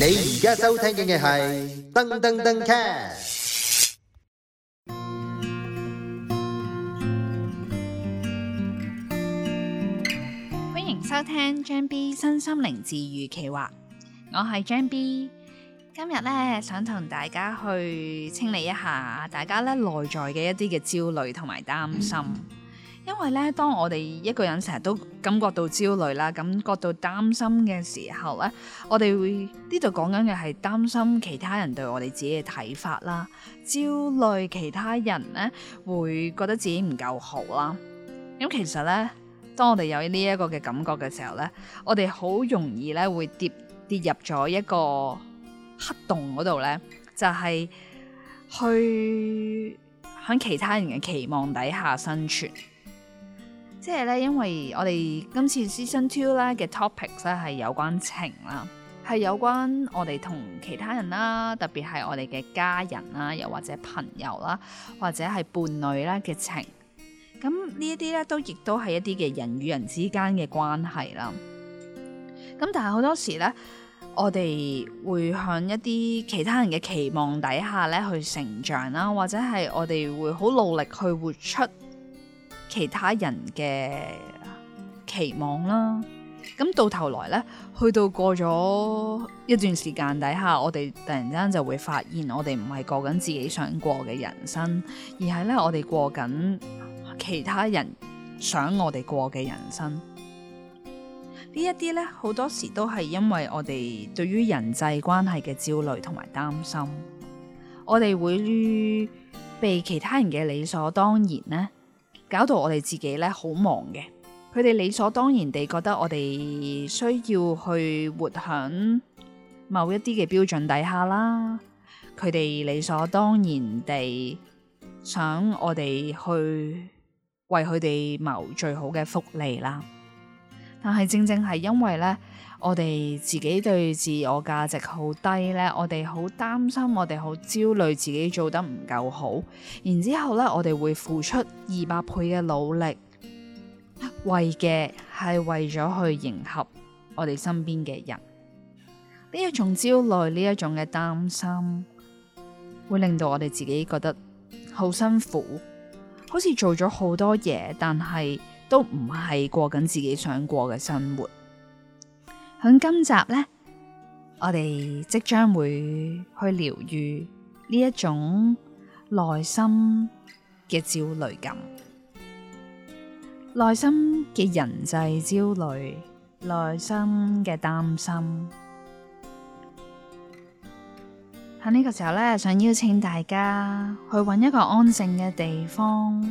你而家收聽緊嘅係噔噔噔卡，歡迎收聽張 B 新心靈治癒企劃，我係張 B，今日咧想同大家去清理一下大家咧內在嘅一啲嘅焦慮同埋擔心。因為咧，當我哋一個人成日都感覺到焦慮啦，感覺到擔心嘅時候咧，我哋會呢度講緊嘅係擔心其他人對我哋自己嘅睇法啦，焦慮其他人咧會覺得自己唔夠好啦。咁其實咧，當我哋有呢一個嘅感覺嘅時候咧，我哋好容易咧會跌跌入咗一個黑洞嗰度咧，就係去響其他人嘅期望底下生存。即係咧，因為我哋今次 Season Two 咧嘅 topic 咧係有關情啦，係有關我哋同其他人啦，特別係我哋嘅家人啦，又或者朋友啦，或者係伴侶啦嘅情。咁呢一啲咧都亦都係一啲嘅人與人之間嘅關係啦。咁但係好多時咧，我哋會向一啲其他人嘅期望底下咧去成長啦，或者係我哋會好努力去活出。其他人嘅期望啦，咁到頭來咧，去到過咗一段時間底下，我哋突然間就會發現，我哋唔係過緊自己想過嘅人生，而係咧我哋過緊其他人想我哋過嘅人生。呢一啲咧，好多時都係因為我哋對於人際關係嘅焦慮同埋擔心，我哋會於被其他人嘅理所當然咧。搞到我哋自己咧好忙嘅，佢哋理所當然地覺得我哋需要去活喺某一啲嘅標準底下啦，佢哋理所當然地想我哋去為佢哋謀最好嘅福利啦。但係正正係因為咧，我哋自己對自我價值好低咧，我哋好擔心，我哋好焦慮自己做得唔夠好，然之後咧，我哋會付出二百倍嘅努力，為嘅係為咗去迎合我哋身邊嘅人。呢一種焦慮，呢一種嘅擔心，會令到我哋自己覺得好辛苦，好似做咗好多嘢，但係都唔係過緊自己想過嘅生活。喺今集呢，我哋即將會去療癒呢一種內心嘅焦慮感，內心嘅人際焦慮，內心嘅擔心。喺呢個時候呢，想邀請大家去搵一個安靜嘅地方。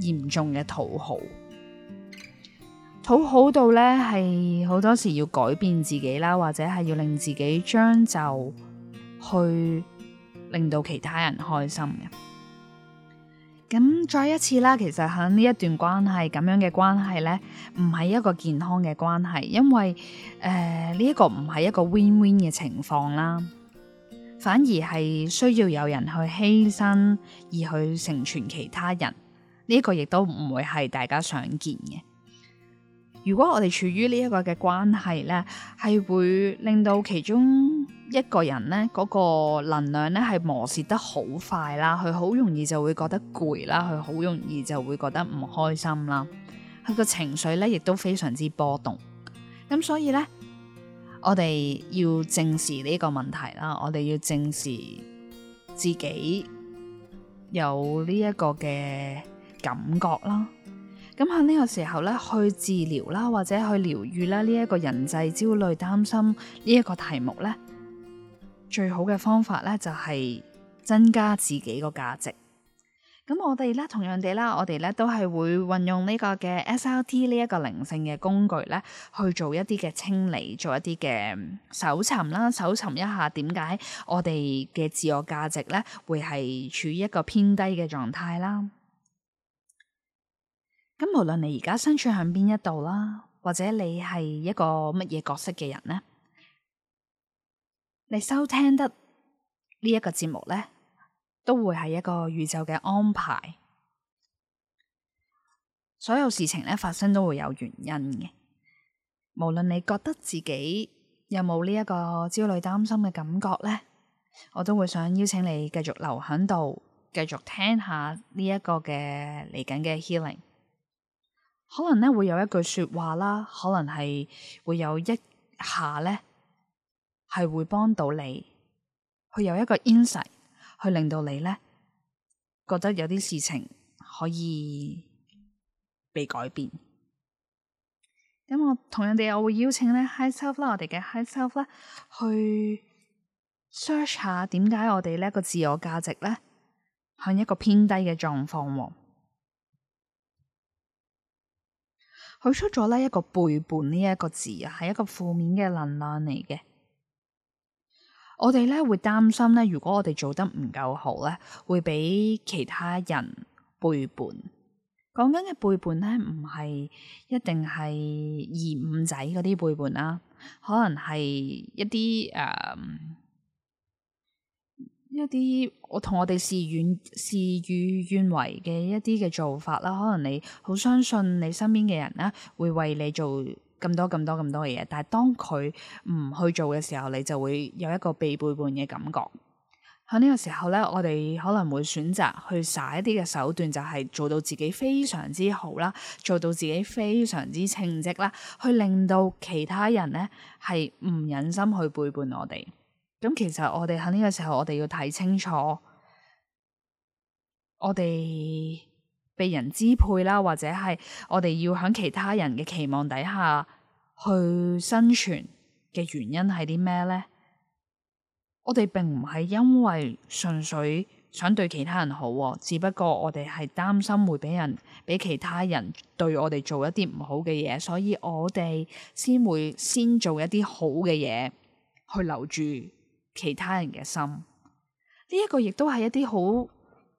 嚴重嘅討好，討好到呢，係好多時要改變自己啦，或者係要令自己將就去令到其他人開心嘅。咁再一次啦，其實喺呢一段關係咁樣嘅關係呢，唔係一個健康嘅關係，因為誒呢一個唔係一個 win win 嘅情況啦，反而係需要有人去犧牲而去成全其他人。呢一個亦都唔會係大家想見嘅。如果我哋處於呢一個嘅關係呢，係會令到其中一個人呢嗰個能量呢係磨蝕得好快啦，佢好容易就會覺得攰啦，佢好容易就會覺得唔開心啦，佢個情緒呢亦都非常之波動。咁所以呢，我哋要正視呢個問題啦，我哋要正視自己有呢一個嘅。感覺啦，咁喺呢個時候咧，去治療啦，或者去療愈啦，呢一個人際焦慮、擔心呢一個題目咧，最好嘅方法咧就係增加自己個價值。咁我哋咧，同樣地啦，我哋咧都係會運用呢個嘅 SRT 呢一個靈性嘅工具咧，去做一啲嘅清理，做一啲嘅搜尋啦，搜尋一下點解我哋嘅自我價值咧會係處於一個偏低嘅狀態啦。咁無論你而家身處喺邊一度啦，或者你係一個乜嘢角色嘅人呢，你收聽得呢一個節目呢，都會係一個宇宙嘅安排。所有事情呢，發生都會有原因嘅。無論你覺得自己有冇呢一個焦慮、擔心嘅感覺呢，我都會想邀請你繼續留響度，繼續聽下呢一個嘅嚟緊嘅 healing。可能咧會有一句說話啦，可能係會有一,一下咧，係會幫到你去有一個 insight，去令到你咧覺得有啲事情可以被改變。咁我同樣地，我會邀請咧 Hi Self 啦， Hi Self, 我哋嘅 Hi Self 啦去 search 下點解我哋咧、這個自我價值咧向一個偏低嘅狀況喎。佢出咗呢一個背叛呢一個字啊，係一個負面嘅能量嚟嘅。我哋咧會擔心咧，如果我哋做得唔夠好咧，會俾其他人背叛。講緊嘅背叛咧，唔係一定係二五仔嗰啲背叛啦，啊，可能係一啲誒。Um, 一啲我同我哋事願事與願違嘅一啲嘅做法啦，可能你好相信你身邊嘅人咧，會為你做咁多咁多咁多嘅嘢，但係當佢唔去做嘅時候，你就會有一個被背叛嘅感覺。喺呢個時候咧，我哋可能會選擇去耍一啲嘅手段，就係、是、做到自己非常之好啦，做到自己非常之稱職啦，去令到其他人咧係唔忍心去背叛我哋。咁其實我哋喺呢個時候，我哋要睇清楚，我哋被人支配啦，或者係我哋要喺其他人嘅期望底下去生存嘅原因係啲咩呢？我哋並唔係因為純粹想對其他人好，只不過我哋係擔心會俾人俾其他人對我哋做一啲唔好嘅嘢，所以我哋先會先做一啲好嘅嘢去留住。其他人嘅心，呢、這個、一個亦都係一啲好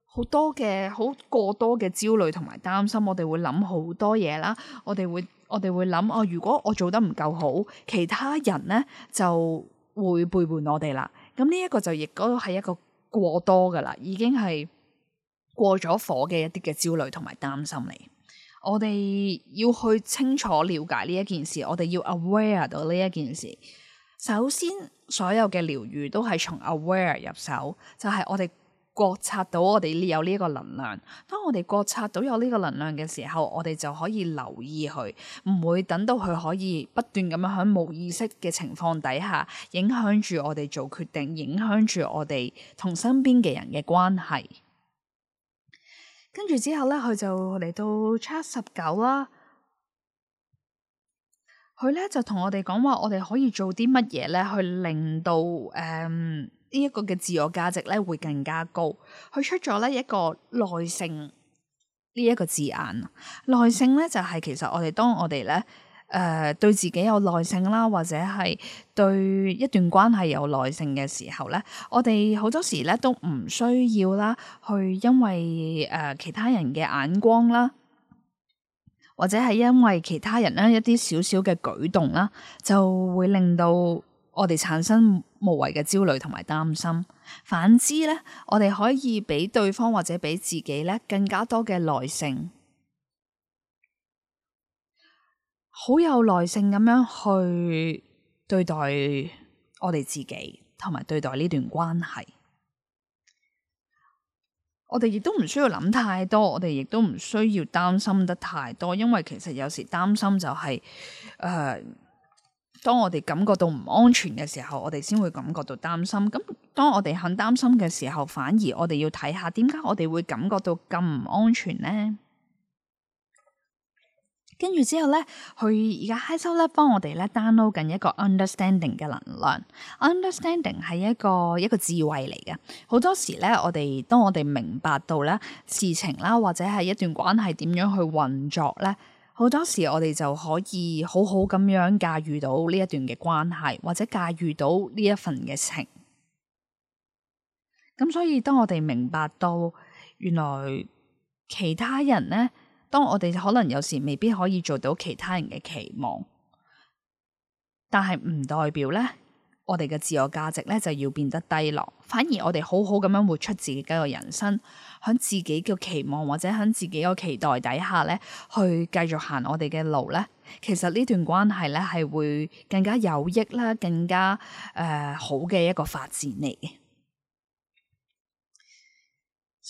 好多嘅好過多嘅焦慮同埋擔心，我哋會諗好多嘢啦。我哋會我哋會諗哦，如果我做得唔夠好，其他人呢就會背叛我哋啦。咁呢一個就亦都係一個過多㗎喇，已經係過咗火嘅一啲嘅焦慮同埋擔心嚟。我哋要去清楚了解呢一件事，我哋要 aware 到呢一件事，首先。所有嘅療癒都係從 aware 入手，就係、是、我哋覺察到我哋有呢一個能量。當我哋覺察到有呢個能量嘅時候，我哋就可以留意佢，唔會等到佢可以不斷咁樣喺冇意識嘅情況底下影響住我哋做決定，影響住我哋同身邊嘅人嘅關係。跟住之後咧，佢就嚟到 chapter 十九啦。佢咧就同我哋講話，我哋可以做啲乜嘢咧，去令到誒呢一個嘅自我價值咧會更加高。佢出咗呢一個耐性呢一個字眼。耐性咧就係其實我哋當我哋咧誒對自己有耐性啦，或者係對一段關係有耐性嘅時候咧，我哋好多時咧都唔需要啦，去因為誒、呃、其他人嘅眼光啦。或者係因為其他人呢一啲少少嘅舉動啦，就會令到我哋產生無謂嘅焦慮同埋擔心。反之呢，我哋可以俾對方或者俾自己呢更加多嘅耐性，好有耐性咁樣去對待我哋自己同埋對待呢段關係。我哋亦都唔需要諗太多，我哋亦都唔需要擔心得太多，因為其實有時擔心就係、是，誒、呃，當我哋感覺到唔安全嘅時候，我哋先會感覺到擔心。咁當我哋肯擔心嘅時候，反而我哋要睇下點解我哋會感覺到咁唔安全呢。跟住之後呢，佢而家 high soul 咧幫我哋咧 download 緊一個 understanding 嘅能量。understanding 係一個一個智慧嚟嘅。好多時咧，我哋當我哋明白到咧事情啦，或者係一段關係點樣去運作咧，好多時我哋就可以好好咁樣駕馭到呢一段嘅關係，或者駕馭到呢一份嘅情。咁所以，當我哋明白到原來其他人呢。當我哋可能有時未必可以做到其他人嘅期望，但係唔代表呢，我哋嘅自我價值呢就要變得低落。反而我哋好好咁樣活出自己嘅人生，喺自己嘅期望或者喺自己嘅期待底下呢，去繼續行我哋嘅路呢。其實呢段關係呢係會更加有益啦，更加誒、呃、好嘅一個發展嚟嘅。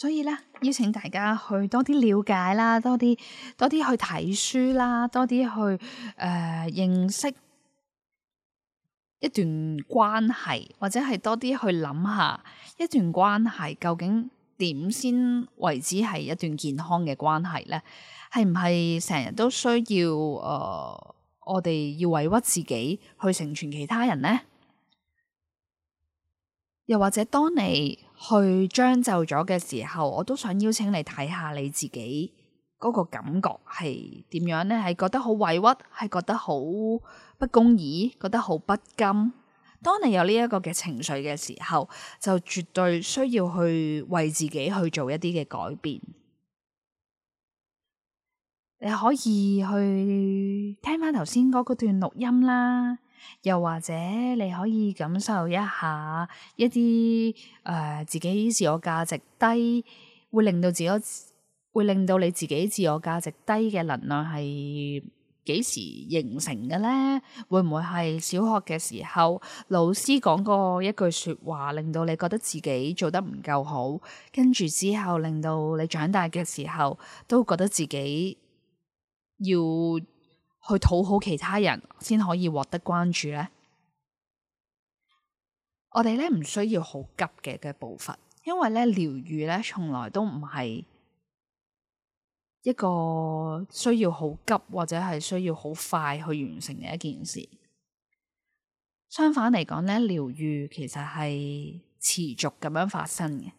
所以咧，邀請大家去多啲了解啦，多啲多啲去睇書啦，多啲去誒、呃、認識一段關係，或者係多啲去諗下一段關係究竟點先為之係一段健康嘅關係咧？係唔係成日都需要誒、呃，我哋要委屈自己去成全其他人咧？又或者當你去將就咗嘅時候，我都想邀請你睇下你自己嗰個感覺係點樣呢？係覺得好委屈，係覺得好不公義，覺得好不甘。當你有呢一個嘅情緒嘅時候，就絕對需要去為自己去做一啲嘅改變。你可以去聽翻頭先嗰段錄音啦。又或者你可以感受一下一啲誒、呃、自己自我價值低，會令到自己會令到你自己自我價值低嘅能量係幾時形成嘅咧？會唔會係小學嘅時候老師講過一句說話，令到你覺得自己做得唔夠好，跟住之後令到你長大嘅時候都覺得自己要。去討好其他人先可以獲得關注呢，我哋咧唔需要好急嘅嘅步伐，因為咧療癒咧從來都唔係一個需要好急或者係需要好快去完成嘅一件事。相反嚟講咧，療癒其實係持續咁樣發生嘅。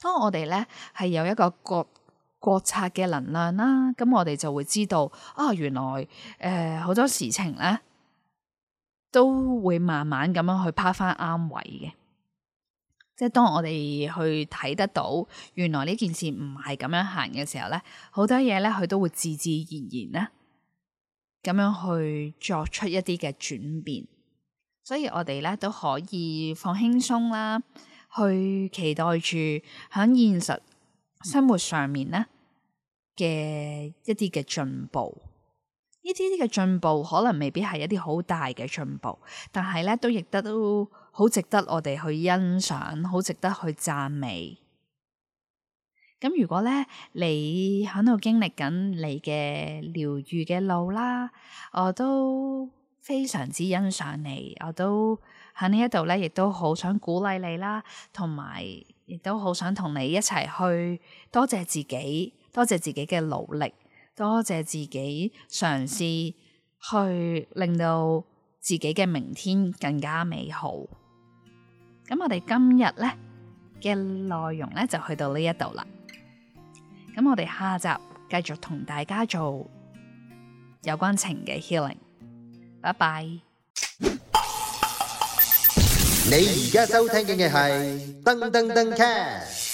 當我哋咧係有一個覺。國策嘅能量啦，咁我哋就會知道啊、哦，原來誒好、呃、多事情咧都會慢慢咁樣去趴翻啱位嘅。即係當我哋去睇得到，原來呢件事唔係咁樣行嘅時候咧，好多嘢咧佢都會自自然然咧，咁樣去作出一啲嘅轉變。所以我哋咧都可以放輕鬆啦，去期待住響現實。生活上面呢嘅一啲嘅進步，呢啲嘅進步可能未必係一啲好大嘅進步，但係咧都亦都都好值得我哋去欣賞，好值得去讚美。咁如果咧你喺度經歷緊你嘅療癒嘅路啦，我都非常之欣賞你，我都喺呢一度咧亦都好想鼓勵你啦，同埋。亦都好想同你一齊去多謝自己，多謝自己嘅努力，多謝自己嘗試去令到自己嘅明天更加美好。咁我哋今日呢嘅內容呢，就去到呢一度啦。咁我哋下集繼續同大家做有關情嘅 healing。拜拜。你而家收聽嘅係噔噔噔 cat。